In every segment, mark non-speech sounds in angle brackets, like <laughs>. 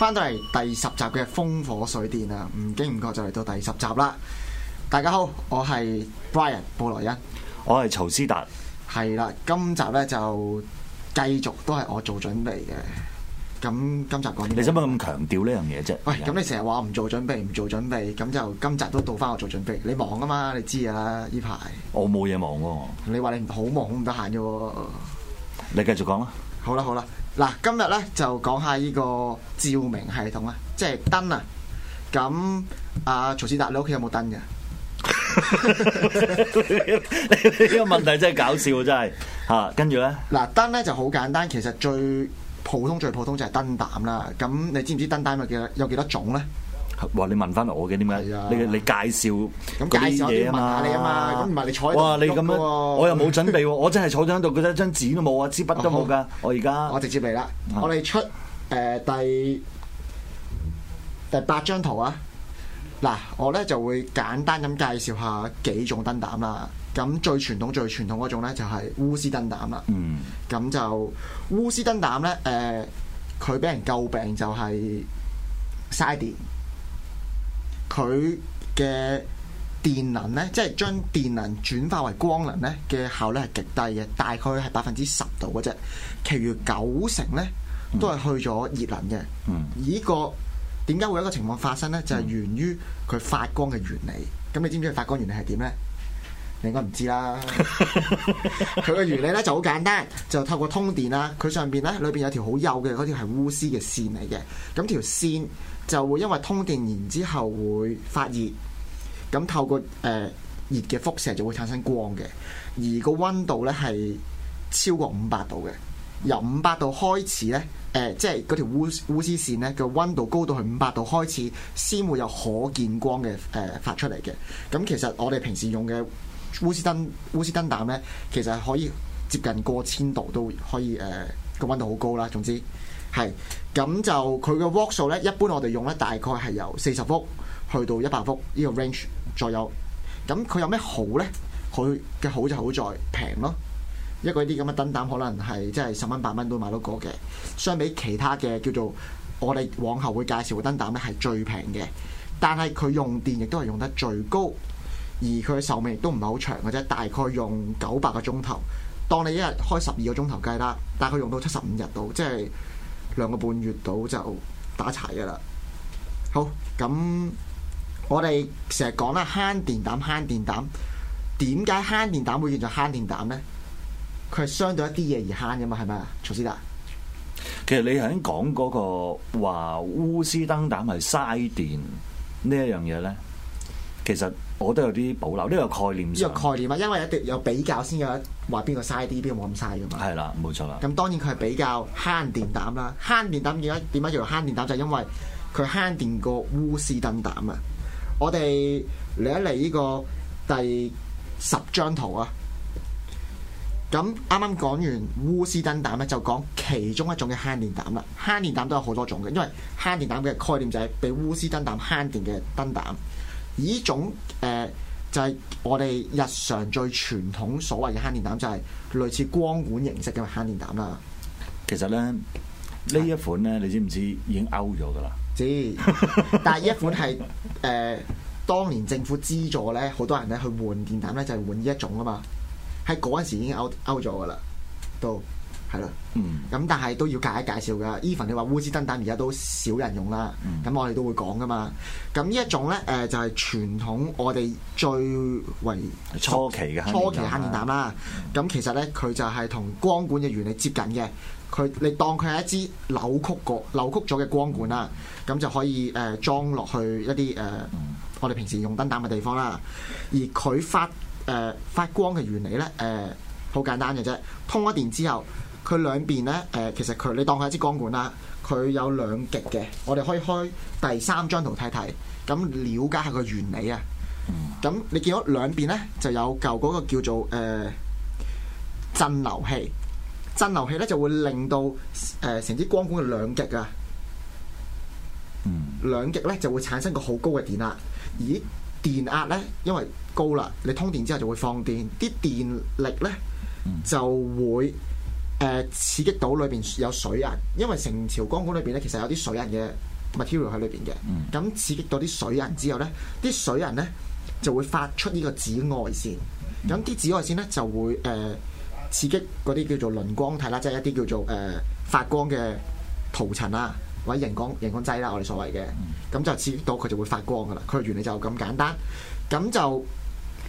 翻到嚟第十集嘅風火水電啊，唔經唔覺就嚟到第十集啦。大家好，我係 Brian 布萊恩，我係曹撕達。係啦，今集咧就繼續都係我做準備嘅。咁今集講啲咩？你使乜咁強調呢樣嘢啫？喂，咁在你成日話我唔做準備，唔做準備，咁就今集都到翻我做準備。你忙啊嘛，你知噶啦，呢排。我冇嘢忙喎。你話你好忙，好唔得閒嘅喎。你繼續講啦。好啦，好啦。嗱，今日咧就講下呢個照明系統，即燈啊，即係燈啊。咁阿曹撕達，你屋企有冇燈嘅？呢個問題真係搞笑，真係吓。跟住咧，嗱，燈咧就好簡單，其實最普通最普通就係燈膽啦。咁你知唔知燈膽有幾多有幾多種咧？話，你問翻我嘅點解？啊、你你介紹嗰啲嘢啊嘛，咁唔係你坐喺度嘅喎。我又冇準備喎，啊， <laughs> 我真係坐咗喺度，佢得張紙都冇啊，支筆都冇㗎。我而家我直接嚟啦，嗯、我哋出誒、呃、第第八張圖啊。嗱，我咧就會簡單咁介紹下幾種燈膽啦。咁最傳統最傳統嗰種咧就係烏絲燈膽啦。嗯，咁就烏絲燈膽咧，誒佢俾人詬病就係嘥電。佢嘅電能呢，即係將電能轉化為光能呢，嘅效率係極低嘅，大概係百分之十度嘅啫，其餘九成呢，都係去咗熱能嘅。而呢個點解會有一個情況發生呢？就係源於佢發光嘅原理。咁你知唔知佢發光原理係點呢？你應該唔知啦。 <laughs> 佢嘅原理咧就好簡單，就透過通電啦。佢上邊咧，裏邊有條好幼嘅嗰條係鎢絲嘅線嚟嘅。咁條線就會因為通電然後之後會發熱，咁透過誒、呃、熱嘅輻射就會產生光嘅。而個溫度咧係超過五百度嘅，由五百度開始咧，誒即係嗰條鎢鎢絲線咧嘅溫度高到係五百度開始先會有可見光嘅誒、呃、發出嚟嘅。咁其實我哋平時用嘅。鎢絲燈、鎢絲燈膽咧，其實可以接近過千度，都可以誒，個温度好高啦。總之係咁就佢嘅瓦數咧，一般我哋用咧大概係由四十伏去到一百伏呢個 range 左右。咁佢有咩好咧？佢嘅好就好在平咯。一個呢啲咁嘅燈膽可能係即係十蚊八蚊都買到個嘅，相比其他嘅叫做我哋往後會介紹嘅燈膽咧係最平嘅，但係佢用電亦都係用得最高。而佢嘅壽命亦都唔係好長嘅啫，大概用九百個鐘頭。當你一日開十二個鐘頭計啦，大概用到七十五日到，即係兩個半月到就打柴嘅啦。好，咁我哋成日講啦，慳電膽慳電膽，點解慳電膽會叫做慳電膽呢？佢係相對一啲嘢而慳嘅嘛，係咪啊，曹撕達？其實你喺講嗰個話烏絲燈膽係嘥電呢一樣嘢呢？其實。我都有啲保留，呢、這個、個概念。呢個概念啊，因為有啲有比較先有話邊個嘥啲，邊個冇咁嘥㗎嘛。係啦，冇錯啦。咁當然佢係比較慳電膽啦，慳電膽點解點解叫做慳電膽？就係、是、因為佢慳電過鎢絲燈膽啊！我哋嚟一嚟呢個第十張圖啊，咁啱啱講完鎢絲燈膽咧，就講其中一種嘅慳電膽啦。慳電膽都有好多種嘅，因為慳電膽嘅概念就係比鎢絲燈膽慳電嘅燈膽。呢種誒、呃、就係、是、我哋日常最傳統所謂嘅慳電膽，就係、是、類似光管形式嘅慳電膽啦。其實咧，呢一款咧，是你知唔知已經 out 咗噶啦？知，但係呢一款係誒、呃、當年政府資助咧，好多人咧去換電膽咧，就係、是、換呢一種啊嘛。喺嗰陣時已經 out out 咗噶啦，到。係咯，咁、嗯、但係都要介一介紹噶。even 你話鎢絲燈膽而家都少人用啦，咁、嗯、我哋都會講噶嘛。咁呢一種咧，誒就係、是、傳統我哋最為初期嘅初期嘅慳電膽啦、啊。咁、啊嗯、其實咧，佢就係同光管嘅原理接近嘅。佢你當佢係一支扭曲過扭曲咗嘅光管啦、啊，咁、嗯、就可以誒、呃、裝落去一啲誒、呃、我哋平時用燈膽嘅地方啦、啊。而佢發誒、呃、發光嘅原理咧，誒、呃、好、呃、簡單嘅啫，通咗電之後。佢兩邊呢，誒，其實佢你當係一支光管啦，佢有兩極嘅，我哋可以開第三張圖睇睇，咁了解下個原理啊。咁你見到兩邊呢，就有嚿嗰個叫做誒鎮、呃、流器，鎮流器呢，就會令到誒成、呃、支光管嘅兩極啊，嗯、兩極呢，就會產生個好高嘅電壓，而電壓呢，因為高啦，你通電之後就會放電，啲電力呢，就會。誒、呃、刺激到裏邊有水銀，因為成條光管裏邊咧其實有啲水銀嘅 material 喺裏邊嘅，咁、嗯、刺激到啲水銀之後咧，啲水銀咧就會發出呢個紫外線，咁啲紫外線咧就會誒、呃、刺激嗰啲叫做磷光體啦，即係一啲叫做誒、呃、發光嘅塗層啦，或者熒光熒光劑啦、啊，我哋所謂嘅，咁、嗯、就刺激到佢就會發光噶啦，佢原理就咁簡單，咁就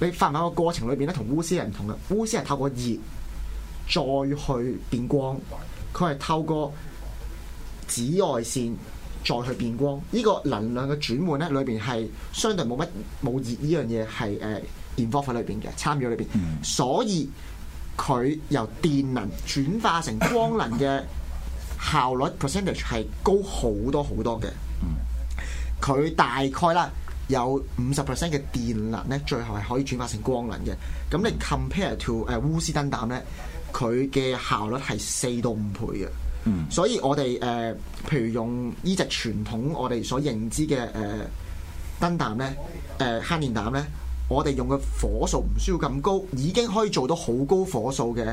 你發光嘅過程裏邊咧同烏絲係唔同嘅。烏絲係透過熱。再去變光，佢係透過紫外線再去變光。呢、呢個能量嘅轉換咧，裏邊係相對冇乜冇熱呢樣嘢係誒 involve 裏邊嘅參與裏邊，所以佢由電能轉化成光能嘅效率 percentage 係高好多好多嘅。佢大概啦有五十 percent 嘅電能咧，最後係可以轉化成光能嘅。咁你 compare to 誒、呃、鎢絲燈膽咧？佢嘅效率係四到五倍嘅，嗯、所以我哋誒、呃，譬如用依隻傳統我哋所認知嘅誒、呃、燈膽咧，誒慳電膽咧，我哋用嘅火數唔需要咁高，已經可以做到好高火數嘅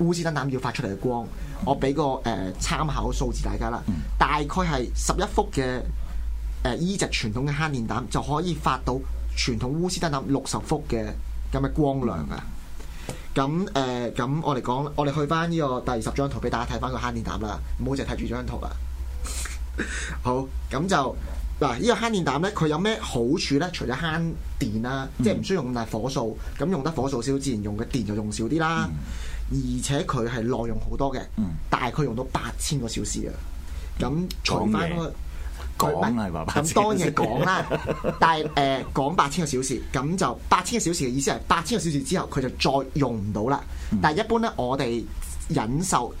烏絲燈膽要發出嚟嘅光。我俾個誒、呃、參考數字大家啦，大概係十一幅嘅誒依隻傳統嘅慳電膽，就可以發到傳統烏絲燈膽六十幅嘅咁嘅光亮啊！嗯嗯咁誒，咁、呃、我哋講，我哋去翻呢個第二十張圖，俾大家睇翻個慳電膽啦，唔好淨係睇住張圖啦。 <laughs> 好，咁就嗱，呢、啊呢個慳電膽呢，佢有咩好處呢？除咗慳電啦，嗯、即係唔需要用大火數，咁用得火數少，自然用嘅電就用少啲啦。嗯、而且佢係耐用好多嘅，嗯、大概用到八千個小時啊。咁除翻。咁當然講啦，但係誒講八千個小時，咁就八千個小時嘅意思係八千個小時之後佢就再用唔到啦。嗯、但係一般咧，我哋忍受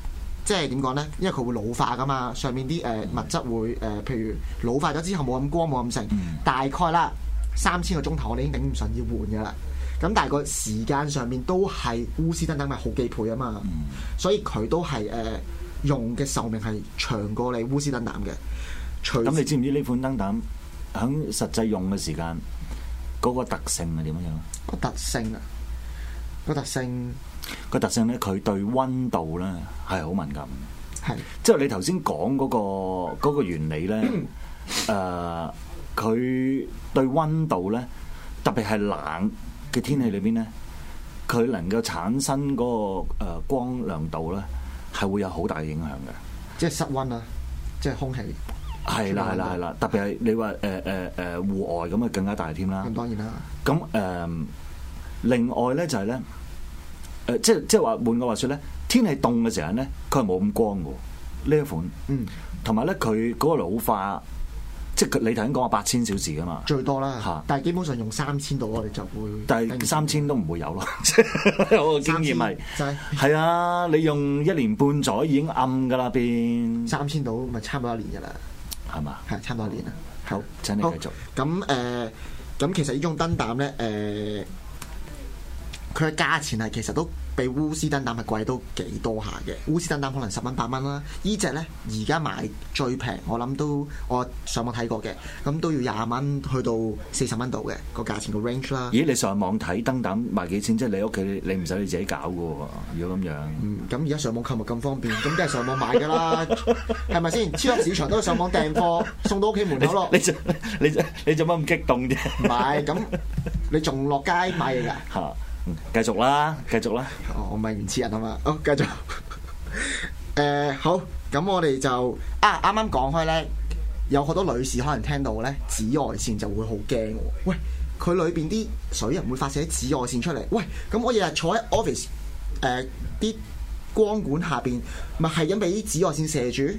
即係點講咧？因為佢會老化噶嘛，上面啲誒、呃、物質會誒、呃，譬如老化咗之後冇咁光冇咁盛，成嗯、大概啦三千個鐘頭我哋已經頂唔順要換噶啦。咁但係個時間上面都係烏斯登膽係好幾倍啊嘛，嗯、所以佢都係誒、呃、用嘅壽命係長過你烏斯登膽嘅。咁你知唔知呢款燈膽喺實際用嘅時間嗰個特性係點樣？個特性啊，個特性個特性咧，佢對溫度咧係好敏感嘅。係，即係你頭先講嗰個嗰個原理咧，誒，佢對溫度咧，特別係冷嘅天氣裏邊咧，佢、嗯、能夠產生嗰個誒光亮度咧，係會有好大嘅影響嘅。即係室溫啊，即係空氣。係啦，係啦，係啦，特別係你話誒誒誒戶外咁啊，更加大添啦。咁當然啦。咁誒、呃，另外咧就係、是、咧，誒、呃、即即係話換個話説咧，天氣凍嘅時候咧，佢係冇咁光嘅喎。呢一款，嗯，同埋咧佢嗰個老化，即係你頭先講話八千小時噶嘛，最多啦。嚇！但係基本上用 3, 3, <laughs> 就是、三千度，我哋就會，但係三千都唔會有咯。有個經驗係，係啊，你用一年半載已經暗噶啦，變三千度咪差唔多，多一年噶啦。係嘛？係差唔多年啦。好，請你繼續。咁誒，咁、呃、其實種呢種燈膽咧誒。呃佢嘅價錢係其實都比烏絲燈膽係貴都幾多下嘅，烏絲燈膽可能十蚊八蚊啦，依隻咧而家買最平，我諗都我上網睇過嘅，咁都要廿蚊去到四十蚊度嘅個價錢個 range 啦。咦？你上網睇燈膽賣幾錢？即係你屋企你唔使你自己搞嘅喎。如果咁樣，嗯，咁而家上網購物咁方便，咁梗係上網買㗎啦，係咪先？超級市場都要上網訂貨，送到屋企門口咯。你做你你做乜咁激動啫？唔 <laughs> 係，咁你仲落街買嘢㗎？嚇！ <laughs> 繼、嗯、續啦，繼續啦， <laughs> 我咪唔似人啊嘛，好繼續。誒，好，咁、 <laughs> 呃、我哋就啊，啱啱講開咧，有好多女士可能聽到咧，紫外線就會好驚。喂，佢裏邊啲水啊，會發射紫外線出嚟。喂，咁我日日坐喺 office，誒，啲、呃、光管下邊，咪係咁俾啲紫外線射住，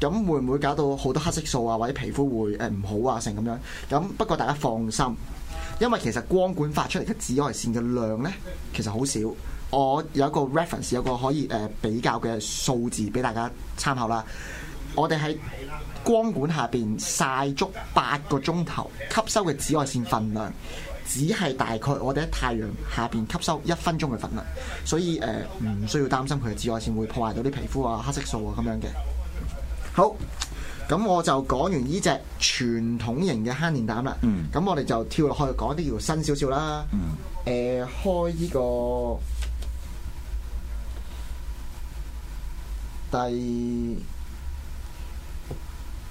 咁會唔會搞到好多黑色素啊，或者皮膚會誒唔好啊，成咁樣？咁不過大家放心。因為其實光管發出嚟嘅紫外線嘅量呢，其實好少。我有一個 reference，有個可以誒、呃、比較嘅數字俾大家參考啦。我哋喺光管下邊曬足八個鐘頭，吸收嘅紫外線份量，只係大概我哋喺太陽下邊吸收一分鐘嘅份量。所以誒，唔、呃、需要擔心佢嘅紫外線會破壞到啲皮膚啊、黑色素啊咁樣嘅。好。咁我就講完呢隻傳統型嘅慳電膽啦。咁、嗯、我哋就跳落去講啲要新少少啦。誒、嗯呃、開呢個第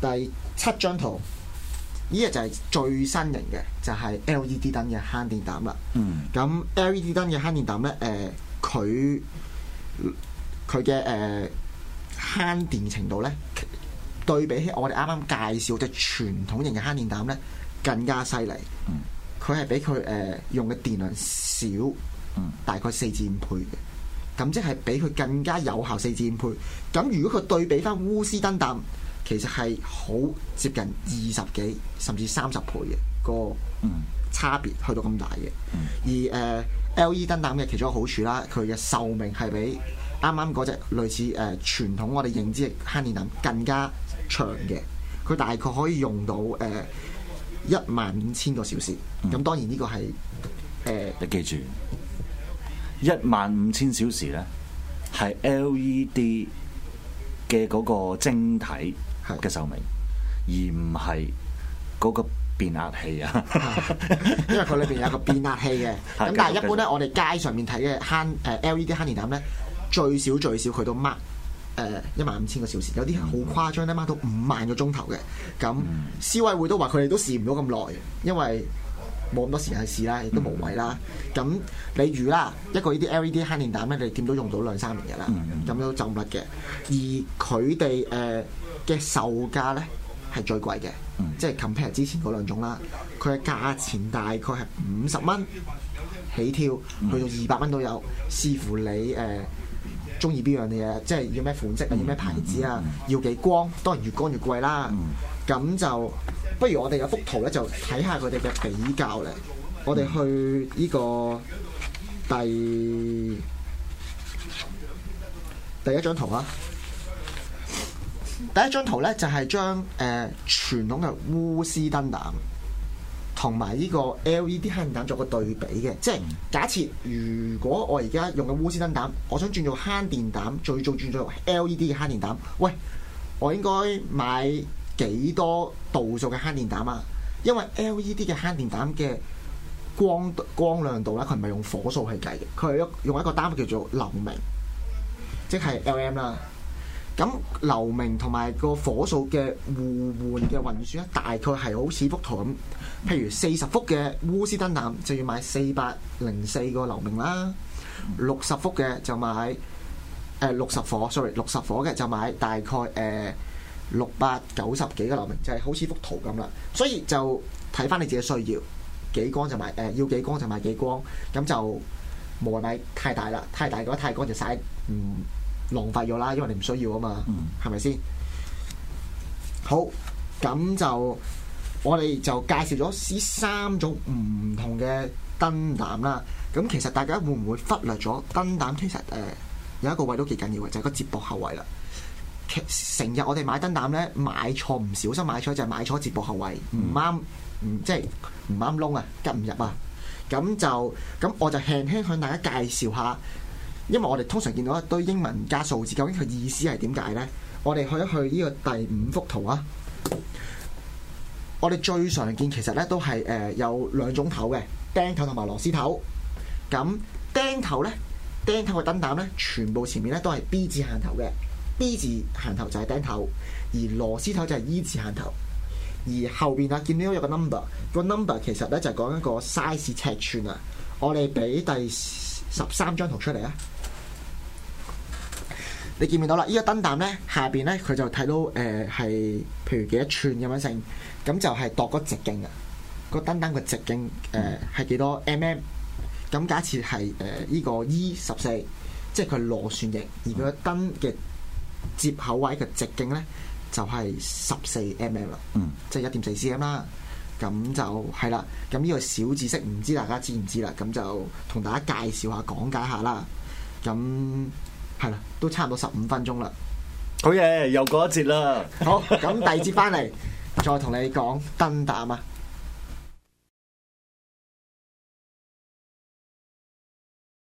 第七張圖，呢、呢個就係最新型嘅，就係、係、LED 燈嘅慳電膽啦。咁、嗯、LED 燈嘅慳電膽咧，誒佢佢嘅誒慳電程度咧。對比起我哋啱啱介紹嘅傳統型嘅慳電膽咧，更加犀利。佢係比佢誒、呃、用嘅電量少，大概四至五倍嘅，咁即係比佢更加有效四至五倍。咁如果佢對比翻烏絲燈膽，其實係好接近二十幾甚至三十倍嘅個差別，去到咁大嘅。而誒、呃、L.E. 燈膽嘅其中一個好處啦，佢嘅壽命係比啱啱嗰隻類似誒、呃、傳統我哋認知嘅慳電膽更加長嘅，佢大概可以用到誒一萬五千個小時。咁、嗯、當然呢個係誒，呃、你記住一萬五千小時咧，係 LED 嘅嗰個晶體嘅壽命，是而唔係嗰個變壓器啊。 <laughs> <laughs> 因為佢裏邊有個變壓器嘅。咁 <laughs> 但係一般咧，其實 我哋街上面睇嘅慳誒 LED 慳電膽咧，最少最少佢都孖。誒一、呃、萬五千個小時，有啲係好誇張咧，買到五萬個鐘頭嘅。咁，消委會都話佢哋都試唔到咁耐，因為冇咁多時間去試啦，亦都無謂啦。咁，你如啦，一個呢啲 LED 慳電膽咧，你點都用到兩三年嘅啦，咁、嗯嗯嗯嗯、都走唔甩嘅。而佢哋誒嘅售價咧係最貴嘅，嗯嗯即係 compare 之前嗰兩種啦。佢嘅價錢大概係五十蚊起跳，去到二百蚊都有。視乎你誒。呃中意邊樣嘅嘢，即係要咩款式啊，要咩牌子啊，嗯嗯、要幾光，當然越光越貴啦。咁、嗯、就不如我哋有幅圖咧，就睇下佢哋嘅比較咧。嗯、我哋去呢個第第一張圖啦。第一張圖咧就係將誒、呃、傳統嘅烏絲燈膽。同埋呢個 LED 慳電膽作個對比嘅，即係假設如果我而家用嘅鎢絲燈膽，我想轉做慳電膽，最早轉做 LED 嘅慳電膽，喂，我應該買幾多度數嘅慳電膽啊？因為 LED 嘅慳電膽嘅光光亮度咧，佢唔係用火數去計嘅，佢係用一個單位叫做流明，即係 LM 啦。咁流明同埋個火數嘅互換嘅運算咧，大概係好似幅圖咁。譬如四十幅嘅烏斯燈膽就要買四百零四個流明啦，六十幅嘅就買誒六十火，sorry 六十火嘅就買大概誒六百九十幾個流明，就係、是、好似幅圖咁啦。所以就睇返你自己需要幾光就買誒、呃，要幾光就買幾光，咁就無謂買太大啦，太大嘅話太，太光就曬唔～、嗯浪費咗啦，因為你唔需要啊嘛，係咪先？好，咁就我哋就介紹咗三種唔同嘅燈膽啦。咁其實大家會唔會忽略咗燈膽？其實誒、呃，有一個位都幾緊要嘅，就係、是、個接駁後位啦。成日我哋買燈膽呢，買錯唔小心買錯就係、是、買錯接駁後位，唔啱、嗯，唔即係唔啱窿啊，跟唔入啊。咁就咁，我就輕輕向大家介紹下。因為我哋通常見到一堆英文加數字，究竟佢意思係點解呢？我哋去一去呢個第五幅圖啊！我哋最常見其實呢都係誒有兩種頭嘅釘頭同埋螺絲頭。咁釘頭呢，釘頭嘅燈膽呢，全部前面呢都係 B 字限頭嘅 B 字限頭就係釘頭，而螺絲頭就係 E 字限頭。而後邊啊，見到有個 number 個 number 其實呢就係講一個 size 尺寸啊。我哋俾第十三張圖出嚟啊！你見唔見到啦？依個燈膽咧下邊咧，佢就睇到誒係譬如幾多寸咁樣盛，咁就係度嗰直徑嘅個燈膽個直徑誒係幾多 mm？咁假設係誒依個 E 十四，即係佢螺旋形，而個燈嘅接口位嘅直徑咧就係十四 mm 啦，嗯，即係一點四 cm 啦。咁就係啦。咁呢個小知識唔知大家知唔知啦？咁就同大家介紹下、講解下啦。咁。係啦，都差唔多十五分鐘啦。好嘢，又過一節啦。好，咁第二節翻嚟 <laughs> 再同你講燈膽啊。